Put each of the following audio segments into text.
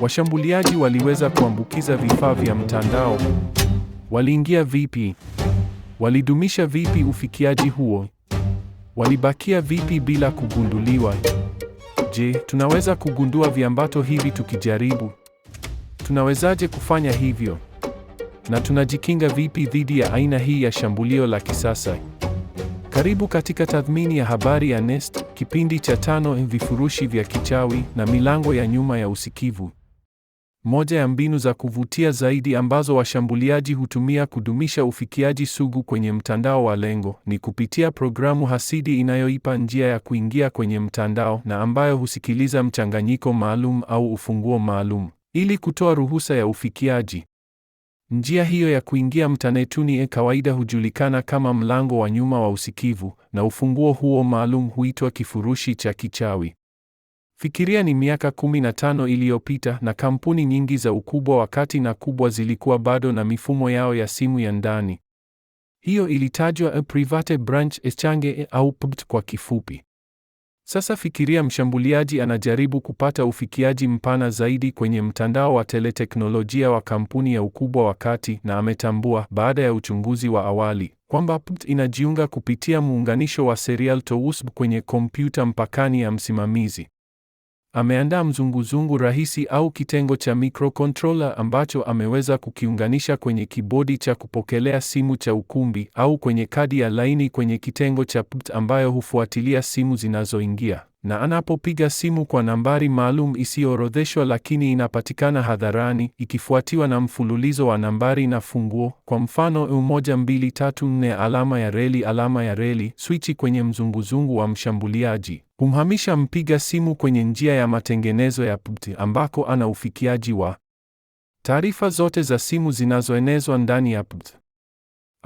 Washambuliaji waliweza kuambukiza vifaa vya mtandao? Waliingia vipi? Walidumisha vipi ufikiaji huo? Walibakia vipi bila kugunduliwa? Je, tunaweza kugundua viambato hivi tukijaribu? Tunawezaje kufanya hivyo? Na tunajikinga vipi dhidi ya aina hii ya shambulio la kisasa? Karibu katika tathmini ya habari ya Nest, kipindi cha tano, vifurushi vya kichawi na milango ya nyuma ya usikivu. Moja ya mbinu za kuvutia zaidi ambazo washambuliaji hutumia kudumisha ufikiaji sugu kwenye mtandao wa lengo ni kupitia programu hasidi inayoipa njia ya kuingia kwenye mtandao na ambayo husikiliza mchanganyiko maalum au ufunguo maalum ili kutoa ruhusa ya ufikiaji. Njia hiyo ya kuingia mtanetuni e kawaida hujulikana kama mlango wa nyuma wa usikivu, na ufunguo huo maalum huitwa kifurushi cha kichawi. Fikiria ni miaka 15 iliyopita na kampuni nyingi za ukubwa wa kati na kubwa zilikuwa bado na mifumo yao ya simu ya ndani. Hiyo ilitajwa a e private branch exchange e au PBX kwa kifupi. Sasa fikiria mshambuliaji anajaribu kupata ufikiaji mpana zaidi kwenye mtandao wa teleteknolojia wa kampuni ya ukubwa wa kati na ametambua baada ya uchunguzi wa awali kwamba pt inajiunga kupitia muunganisho wa serial to USB kwenye kompyuta mpakani ya msimamizi. Ameandaa mzunguzungu rahisi au kitengo cha microcontroller ambacho ameweza kukiunganisha kwenye kibodi cha kupokelea simu cha ukumbi au kwenye kadi ya laini kwenye kitengo cha PUT ambayo hufuatilia simu zinazoingia na anapopiga simu kwa nambari maalum isiyoorodheshwa lakini inapatikana hadharani, ikifuatiwa na mfululizo wa nambari na funguo, kwa mfano 1234 alama ya reli alama ya reli, swichi kwenye mzunguzungu wa mshambuliaji humhamisha mpiga simu kwenye njia ya matengenezo ya pt ambako ana ufikiaji wa taarifa zote za simu zinazoenezwa ndani ya PPT.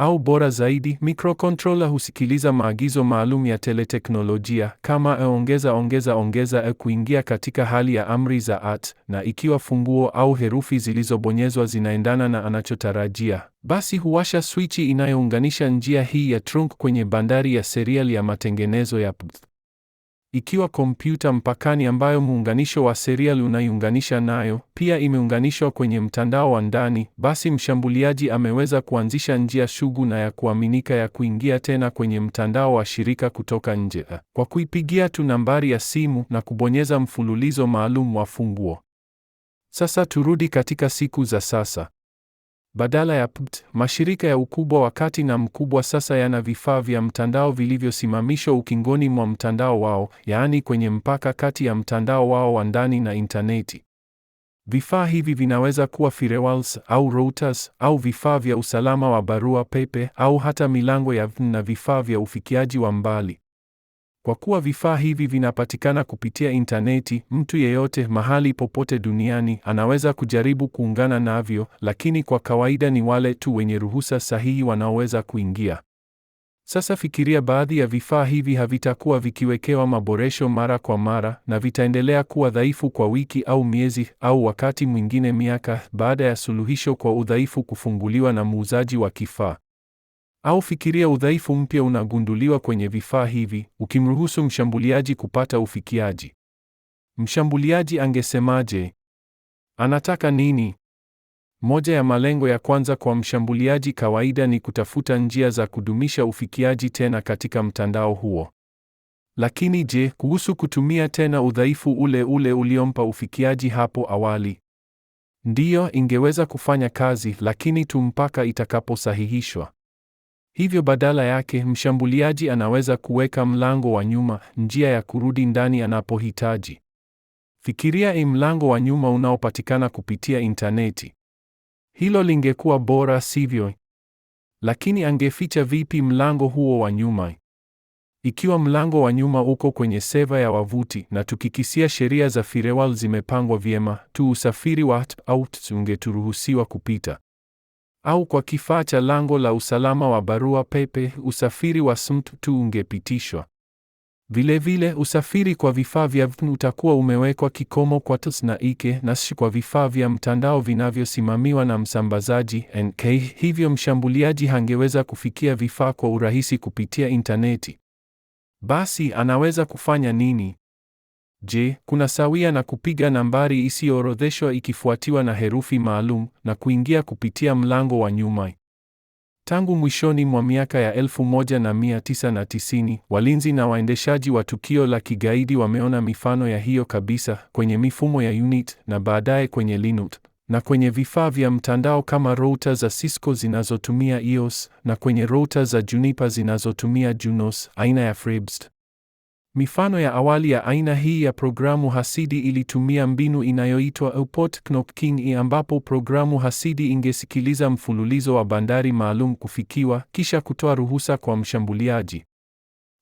Au bora zaidi, microcontroller husikiliza maagizo maalum ya teleteknolojia kama e ongeza ongeza ongeza e kuingia katika hali ya amri za at, na ikiwa funguo au herufi zilizobonyezwa zinaendana na anachotarajia, basi huwasha swichi inayounganisha njia hii ya trunk kwenye bandari ya serial ya matengenezo ya PTH. Ikiwa kompyuta mpakani ambayo muunganisho wa serial unaiunganisha nayo pia imeunganishwa kwenye mtandao wa ndani, basi mshambuliaji ameweza kuanzisha njia shugu na ya kuaminika ya kuingia tena kwenye mtandao wa shirika kutoka nje kwa kuipigia tu nambari ya simu na kubonyeza mfululizo maalum wa funguo. Sasa turudi katika siku za sasa. Badala ya PPT, mashirika ya ukubwa wa kati na mkubwa sasa yana vifaa vya mtandao vilivyosimamishwa ukingoni mwa mtandao wao, yaani kwenye mpaka kati ya mtandao wao wa ndani na intaneti. Vifaa hivi vinaweza kuwa firewalls au routers au vifaa vya usalama wa barua pepe au hata milango ya VPN na vifaa vya ufikiaji wa mbali. Kwa kuwa vifaa hivi vinapatikana kupitia intaneti, mtu yeyote mahali popote duniani anaweza kujaribu kuungana navyo, lakini kwa kawaida ni wale tu wenye ruhusa sahihi wanaoweza kuingia. Sasa fikiria, baadhi ya vifaa hivi havitakuwa vikiwekewa maboresho mara kwa mara na vitaendelea kuwa dhaifu kwa wiki au miezi au wakati mwingine miaka baada ya suluhisho kwa udhaifu kufunguliwa na muuzaji wa kifaa. Au fikiria udhaifu mpya unagunduliwa kwenye vifaa hivi, ukimruhusu mshambuliaji kupata ufikiaji. Mshambuliaji angesemaje? Anataka nini? Moja ya malengo ya kwanza kwa mshambuliaji kawaida ni kutafuta njia za kudumisha ufikiaji tena katika mtandao huo. Lakini je, kuhusu kutumia tena udhaifu ule ule uliompa ufikiaji hapo awali? Ndiyo, ingeweza kufanya kazi, lakini tu mpaka itakaposahihishwa. Hivyo badala yake mshambuliaji anaweza kuweka mlango wa nyuma, njia ya kurudi ndani anapohitaji. Fikiria i mlango wa nyuma unaopatikana kupitia intaneti. Hilo lingekuwa bora, sivyo? Lakini angeficha vipi mlango huo wa nyuma? Ikiwa mlango wa nyuma uko kwenye seva ya wavuti na tukikisia sheria za firewall zimepangwa vyema, tu usafiri wa out ungeturuhusiwa kupita au kwa kifaa cha lango la usalama wa barua pepe, usafiri wa SMT tu ungepitishwa. Vilevile, usafiri kwa vifaa vya VPN utakuwa umewekwa kikomo kwa TLS na IKE na si kwa vifaa vya mtandao vinavyosimamiwa na msambazaji NK. Hivyo mshambuliaji hangeweza kufikia vifaa kwa urahisi kupitia intaneti. Basi anaweza kufanya nini? Je, kuna sawia na kupiga nambari isiyoorodheshwa ikifuatiwa na herufi maalum na kuingia kupitia mlango wa nyuma? Tangu mwishoni mwa miaka ya 1990, walinzi na waendeshaji wa tukio la kigaidi wameona mifano ya hiyo kabisa kwenye mifumo ya UNIT na baadaye kwenye Linux na kwenye vifaa vya mtandao kama router za Cisco zinazotumia EOS na kwenye router za Juniper zinazotumia Junos aina ya FreeBSD. Mifano ya awali ya aina hii ya programu hasidi ilitumia mbinu inayoitwa Airport Knopking e, ambapo programu hasidi ingesikiliza mfululizo wa bandari maalum kufikiwa kisha kutoa ruhusa kwa mshambuliaji.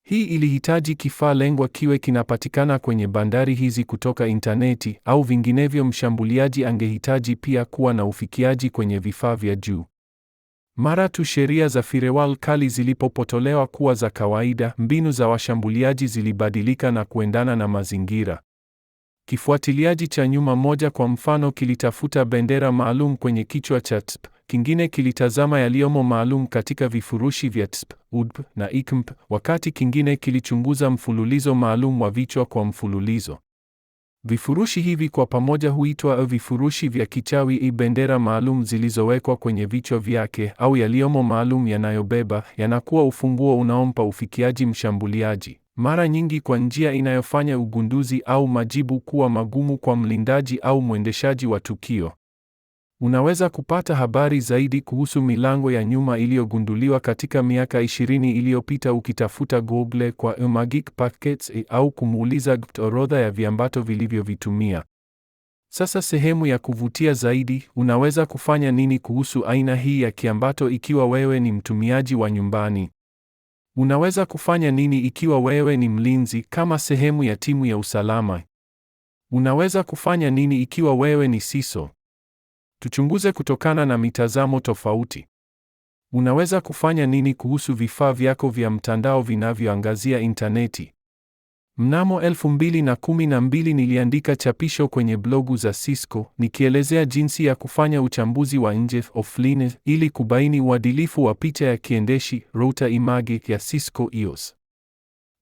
Hii ilihitaji kifaa lengwa kiwe kinapatikana kwenye bandari hizi kutoka intaneti au vinginevyo mshambuliaji angehitaji pia kuwa na ufikiaji kwenye vifaa vya juu. Mara tu sheria za firewall kali zilipopotolewa kuwa za kawaida, mbinu za washambuliaji zilibadilika na kuendana na mazingira. Kifuatiliaji cha nyuma moja kwa mfano kilitafuta bendera maalum kwenye kichwa cha TSP. kingine kilitazama yaliyomo maalum katika vifurushi vya TSP, UDP na ICMP, wakati kingine kilichunguza mfululizo maalum wa vichwa kwa mfululizo. Vifurushi hivi kwa pamoja huitwa vifurushi vya kichawi. I bendera maalum zilizowekwa kwenye vichwa vyake au yaliyomo maalum yanayobeba yanakuwa ufunguo unaompa ufikiaji mshambuliaji, mara nyingi kwa njia inayofanya ugunduzi au majibu kuwa magumu kwa mlindaji au mwendeshaji wa tukio. Unaweza kupata habari zaidi kuhusu milango ya nyuma iliyogunduliwa katika miaka 20 iliyopita ukitafuta Google kwa Magic Packets au kumuuliza GPT orodha ya viambato vilivyovitumia. Sasa sehemu ya kuvutia zaidi, unaweza kufanya nini kuhusu aina hii ya kiambato ikiwa wewe ni mtumiaji wa nyumbani? Unaweza kufanya nini ikiwa wewe ni mlinzi kama sehemu ya timu ya usalama? Unaweza kufanya nini ikiwa wewe ni CISO? Tuchunguze kutokana na mitazamo tofauti. Unaweza kufanya nini kuhusu vifaa vyako vya mtandao vinavyoangazia intaneti? Mnamo 2012 niliandika chapisho kwenye blogu za Cisco nikielezea jinsi ya kufanya uchambuzi wa nje offline ili kubaini uadilifu wa picha ya kiendeshi router image ya Cisco EOS.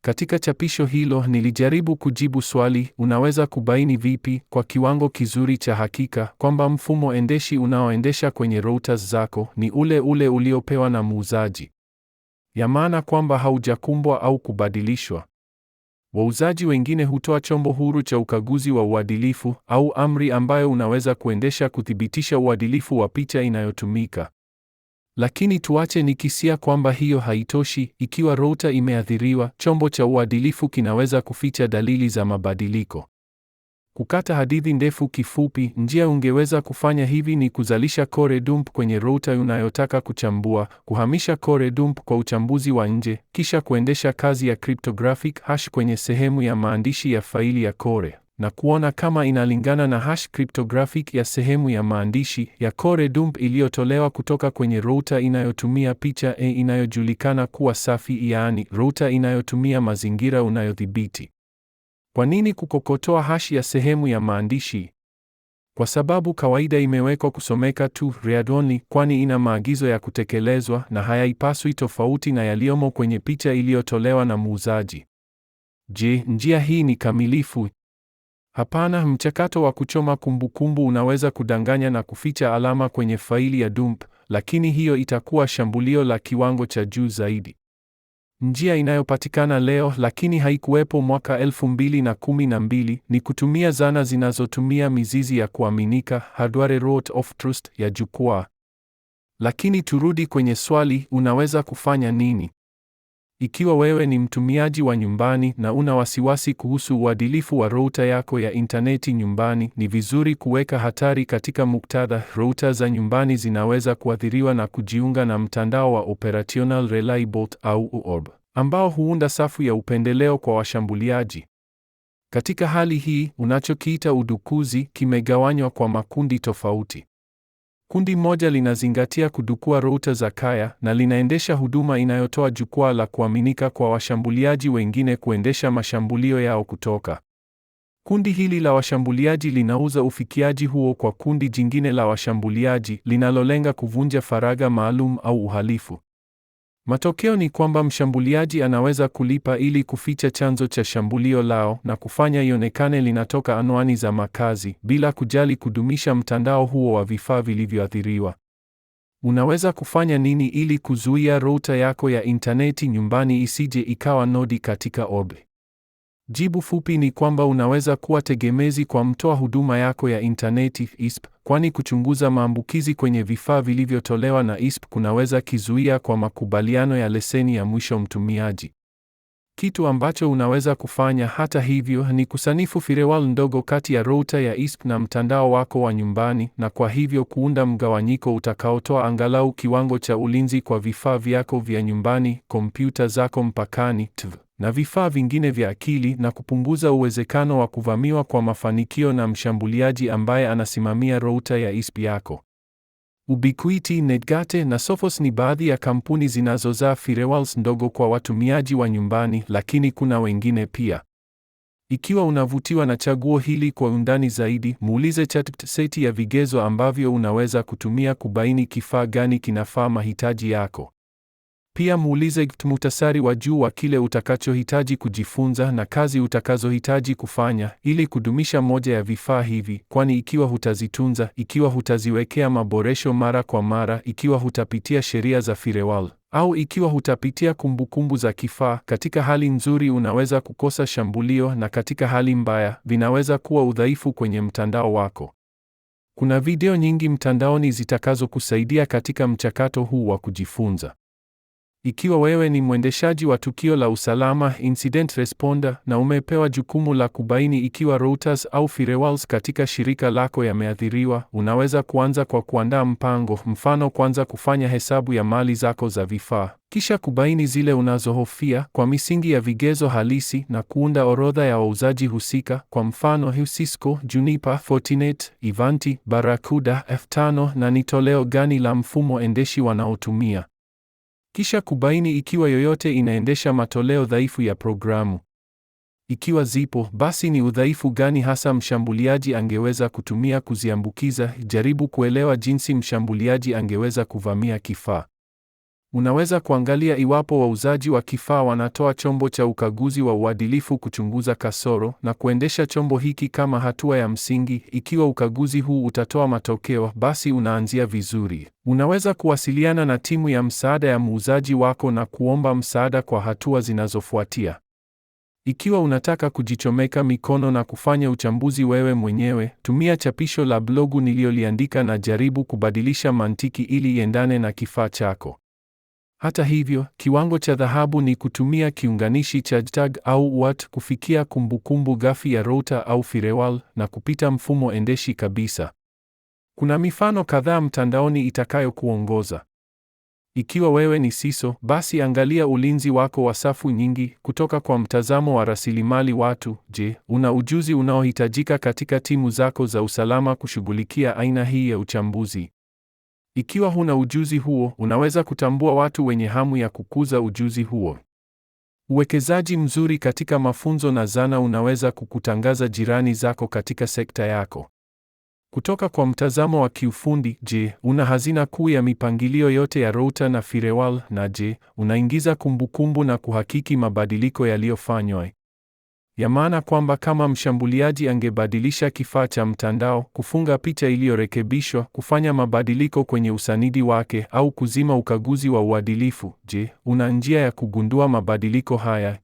Katika chapisho hilo nilijaribu kujibu swali, unaweza kubaini vipi kwa kiwango kizuri cha hakika kwamba mfumo endeshi unaoendesha kwenye routers zako ni ule ule uliopewa na muuzaji? Ya maana kwamba haujakumbwa au kubadilishwa. Wauzaji wengine hutoa chombo huru cha ukaguzi wa uadilifu au amri ambayo unaweza kuendesha kuthibitisha uadilifu wa picha inayotumika. Lakini tuache nikisia kwamba hiyo haitoshi. Ikiwa router imeathiriwa, chombo cha uadilifu kinaweza kuficha dalili za mabadiliko. Kukata hadithi ndefu kifupi, njia ungeweza kufanya hivi ni kuzalisha core dump kwenye router unayotaka kuchambua, kuhamisha core dump kwa uchambuzi wa nje, kisha kuendesha kazi ya cryptographic hash kwenye sehemu ya maandishi ya faili ya core na kuona kama inalingana na hash cryptographic ya sehemu ya maandishi ya Core dump iliyotolewa kutoka kwenye router inayotumia picha e inayojulikana kuwa safi, yaani router inayotumia mazingira unayodhibiti. Kwa nini kukokotoa hash ya sehemu ya maandishi? Kwa sababu kawaida imewekwa kusomeka tu read only, kwani ina maagizo ya kutekelezwa na hayaipaswi tofauti na yaliyomo kwenye picha iliyotolewa na muuzaji. Je, njia hii ni kamilifu? Hapana, mchakato wa kuchoma kumbukumbu unaweza kudanganya na kuficha alama kwenye faili ya dump, lakini hiyo itakuwa shambulio la kiwango cha juu zaidi. Njia inayopatikana leo lakini haikuwepo mwaka 2012 ni kutumia zana zinazotumia mizizi ya kuaminika, hardware root of trust ya jukwaa. Lakini turudi kwenye swali, unaweza kufanya nini? Ikiwa wewe ni mtumiaji wa nyumbani na una wasiwasi kuhusu uadilifu wa rota yako ya intaneti nyumbani, ni vizuri kuweka hatari katika muktadha. Router za nyumbani zinaweza kuathiriwa na kujiunga na mtandao wa Operational Relay Bot au ORB, ambao huunda safu ya upendeleo kwa washambuliaji. Katika hali hii, unachokiita udukuzi kimegawanywa kwa makundi tofauti. Kundi moja linazingatia kudukua routa za kaya na linaendesha huduma inayotoa jukwaa la kuaminika kwa washambuliaji wengine kuendesha mashambulio yao kutoka. Kundi hili la washambuliaji linauza ufikiaji huo kwa kundi jingine la washambuliaji linalolenga kuvunja faragha maalum au uhalifu. Matokeo ni kwamba mshambuliaji anaweza kulipa ili kuficha chanzo cha shambulio lao na kufanya ionekane linatoka anwani za makazi bila kujali kudumisha mtandao huo wa vifaa vilivyoathiriwa. Unaweza kufanya nini ili kuzuia router yako ya intaneti nyumbani isije ikawa nodi katika orbe? Jibu fupi ni kwamba unaweza kuwa tegemezi kwa mtoa huduma yako ya intaneti ISP kwani kuchunguza maambukizi kwenye vifaa vilivyotolewa na ISP kunaweza kizuia kwa makubaliano ya leseni ya mwisho mtumiaji. Kitu ambacho unaweza kufanya hata hivyo ni kusanifu firewall ndogo kati ya router ya ISP na mtandao wako wa nyumbani, na kwa hivyo kuunda mgawanyiko utakaotoa angalau kiwango cha ulinzi kwa vifaa vyako vya nyumbani, kompyuta zako mpakani, TV na vifaa vingine vya akili na kupunguza uwezekano wa kuvamiwa kwa mafanikio na mshambuliaji ambaye anasimamia router ya ISP yako. Ubiquiti, Netgate na Sophos ni baadhi ya kampuni zinazozaa firewalls ndogo kwa watumiaji wa nyumbani, lakini kuna wengine pia. Ikiwa unavutiwa na chaguo hili kwa undani zaidi, muulize ChatGPT ya vigezo ambavyo unaweza kutumia kubaini kifaa gani kinafaa mahitaji yako. Pia muulize GPT muhtasari wa juu wa kile utakachohitaji kujifunza na kazi utakazohitaji kufanya ili kudumisha moja ya vifaa hivi, kwani ikiwa hutazitunza, ikiwa hutaziwekea maboresho mara kwa mara, ikiwa hutapitia sheria za firewall au ikiwa hutapitia kumbukumbu za kifaa, katika hali nzuri unaweza kukosa shambulio, na katika hali mbaya vinaweza kuwa udhaifu kwenye mtandao wako. Kuna video nyingi mtandaoni zitakazokusaidia katika mchakato huu wa kujifunza. Ikiwa wewe ni mwendeshaji wa tukio la usalama incident responder, na umepewa jukumu la kubaini ikiwa routers au firewalls katika shirika lako yameathiriwa, unaweza kuanza kwa kuandaa mpango. Mfano, kwanza kufanya hesabu ya mali zako za vifaa, kisha kubaini zile unazohofia kwa misingi ya vigezo halisi na kuunda orodha ya wauzaji husika, kwa mfano Cisco, Juniper, Fortinet, Ivanti, Barracuda, F5 na ni toleo gani la mfumo endeshi wanaotumia. Kisha kubaini ikiwa yoyote inaendesha matoleo dhaifu ya programu. Ikiwa zipo, basi ni udhaifu gani hasa mshambuliaji angeweza kutumia kuziambukiza? Jaribu kuelewa jinsi mshambuliaji angeweza kuvamia kifaa. Unaweza kuangalia iwapo wauzaji wa kifaa wanatoa chombo cha ukaguzi wa uadilifu kuchunguza kasoro na kuendesha chombo hiki kama hatua ya msingi. Ikiwa ukaguzi huu utatoa matokeo, basi unaanzia vizuri. Unaweza kuwasiliana na timu ya msaada ya muuzaji wako na kuomba msaada kwa hatua zinazofuatia. Ikiwa unataka kujichomeka mikono na kufanya uchambuzi wewe mwenyewe, tumia chapisho la blogu nililoliandika na jaribu kubadilisha mantiki ili iendane na kifaa chako. Hata hivyo, kiwango cha dhahabu ni kutumia kiunganishi cha JTAG au WAT kufikia kumbukumbu ghafi ya router au firewall na kupita mfumo endeshi kabisa. Kuna mifano kadhaa mtandaoni itakayokuongoza. Ikiwa wewe ni CISO, basi angalia ulinzi wako wa safu nyingi kutoka kwa mtazamo wa rasilimali watu. Je, una ujuzi unaohitajika katika timu zako za usalama kushughulikia aina hii ya uchambuzi? Ikiwa huna ujuzi huo, unaweza kutambua watu wenye hamu ya kukuza ujuzi huo. Uwekezaji mzuri katika mafunzo na zana unaweza kukutangaza jirani zako katika sekta yako. Kutoka kwa mtazamo wa kiufundi, je, una hazina kuu ya mipangilio yote ya Router na Firewall na je, unaingiza kumbukumbu na kuhakiki mabadiliko yaliyofanywa? ya maana kwamba kama mshambuliaji angebadilisha kifaa cha mtandao, kufunga picha iliyorekebishwa, kufanya mabadiliko kwenye usanidi wake au kuzima ukaguzi wa uadilifu, je, una njia ya kugundua mabadiliko haya?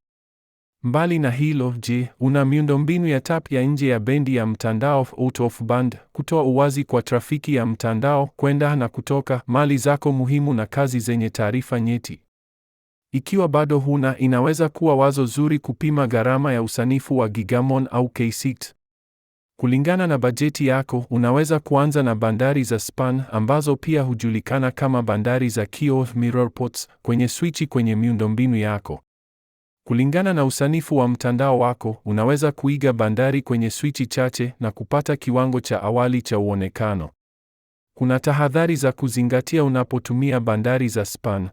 Mbali na hilo, je, una miundombinu ya tap ya nje ya bendi ya mtandao out of band, kutoa uwazi kwa trafiki ya mtandao kwenda na kutoka, mali zako muhimu na kazi zenye taarifa nyeti? Ikiwa bado huna, inaweza kuwa wazo zuri kupima gharama ya usanifu wa Gigamon au k Kulingana na bajeti yako, unaweza kuanza na bandari za span ambazo pia hujulikana kama bandari za kio mirror ports kwenye swichi kwenye miundombinu yako. Kulingana na usanifu wa mtandao wako, unaweza kuiga bandari kwenye swichi chache na kupata kiwango cha awali cha uonekano. Kuna tahadhari za kuzingatia unapotumia bandari za span.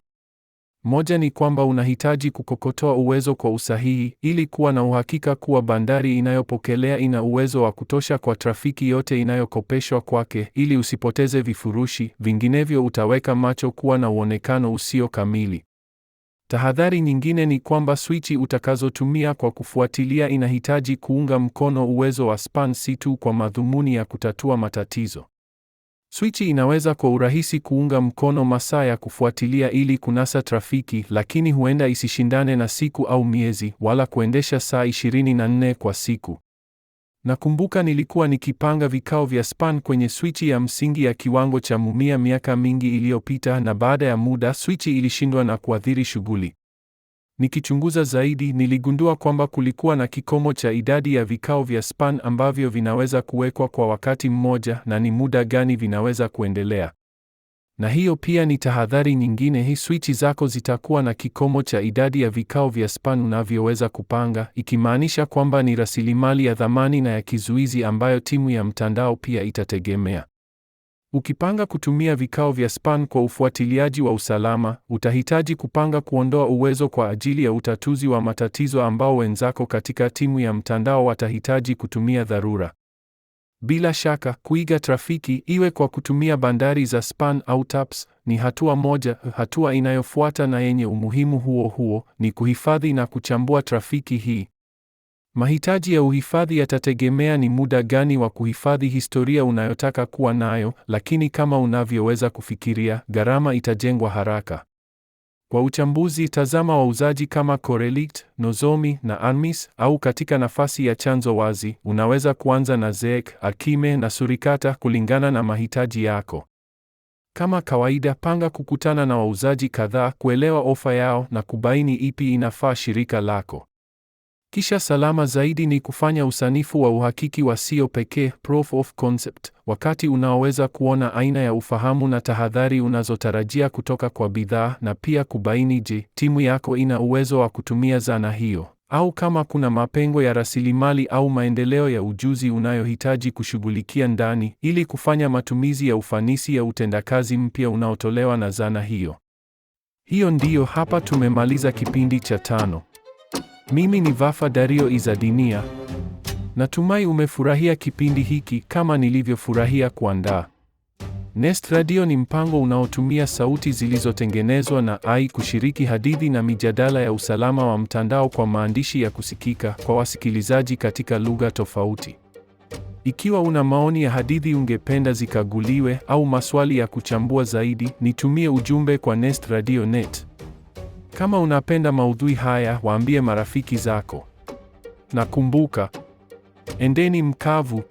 Moja ni kwamba unahitaji kukokotoa uwezo kwa usahihi ili kuwa na uhakika kuwa bandari inayopokelea ina uwezo wa kutosha kwa trafiki yote inayokopeshwa kwake ili usipoteze vifurushi, vinginevyo utaweka macho kuwa na uonekano usio kamili. Tahadhari nyingine ni kwamba swichi utakazotumia kwa kufuatilia inahitaji kuunga mkono uwezo wa span si tu kwa madhumuni ya kutatua matatizo Swichi inaweza kwa urahisi kuunga mkono masaa ya kufuatilia ili kunasa trafiki, lakini huenda isishindane na siku au miezi, wala kuendesha saa 24 kwa siku. Nakumbuka nilikuwa nikipanga vikao vya span kwenye swichi ya msingi ya kiwango cha mumia miaka mingi iliyopita, na baada ya muda swichi ilishindwa na kuathiri shughuli. Nikichunguza zaidi, niligundua kwamba kulikuwa na kikomo cha idadi ya vikao vya SPAN ambavyo vinaweza kuwekwa kwa wakati mmoja na ni muda gani vinaweza kuendelea. Na hiyo pia ni tahadhari nyingine hii, swichi zako zitakuwa na kikomo cha idadi ya vikao vya SPAN unavyoweza kupanga, ikimaanisha kwamba ni rasilimali ya dhamani na ya kizuizi ambayo timu ya mtandao pia itategemea. Ukipanga kutumia vikao vya SPAN kwa ufuatiliaji wa usalama, utahitaji kupanga kuondoa uwezo kwa ajili ya utatuzi wa matatizo ambao wenzako katika timu ya mtandao watahitaji kutumia dharura. Bila shaka, kuiga trafiki iwe kwa kutumia bandari za SPAN au TAPS ni hatua moja. Hatua inayofuata na yenye umuhimu huo huo ni kuhifadhi na kuchambua trafiki hii. Mahitaji ya uhifadhi yatategemea ni muda gani wa kuhifadhi historia unayotaka kuwa nayo, lakini kama unavyoweza kufikiria, gharama itajengwa haraka. Kwa uchambuzi, tazama wauzaji kama Corelict, Nozomi na Anmis, au katika nafasi ya chanzo wazi, unaweza kuanza na Zek, Akime na Surikata kulingana na mahitaji yako. Kama kawaida, panga kukutana na wauzaji kadhaa, kuelewa ofa yao na kubaini ipi inafaa shirika lako. Kisha salama zaidi ni kufanya usanifu wa uhakiki wa sio pekee, proof of concept, wakati unaoweza kuona aina ya ufahamu na tahadhari unazotarajia kutoka kwa bidhaa na pia kubaini je, timu yako ina uwezo wa kutumia zana hiyo au kama kuna mapengo ya rasilimali au maendeleo ya ujuzi unayohitaji kushughulikia ndani ili kufanya matumizi ya ufanisi ya utendakazi mpya unaotolewa na zana hiyo. Hiyo ndiyo hapa tumemaliza kipindi cha tano. Mimi ni Vafa Dario Izadinia. Natumai umefurahia kipindi hiki kama nilivyofurahia kuandaa. Nest Radio ni mpango unaotumia sauti zilizotengenezwa na AI kushiriki hadithi na mijadala ya usalama wa mtandao kwa maandishi ya kusikika kwa wasikilizaji katika lugha tofauti. Ikiwa una maoni ya hadithi ungependa zikaguliwe au maswali ya kuchambua zaidi, nitumie ujumbe kwa nestradio.net. Kama unapenda maudhui haya, waambie marafiki zako. Nakumbuka, endeni mkavu.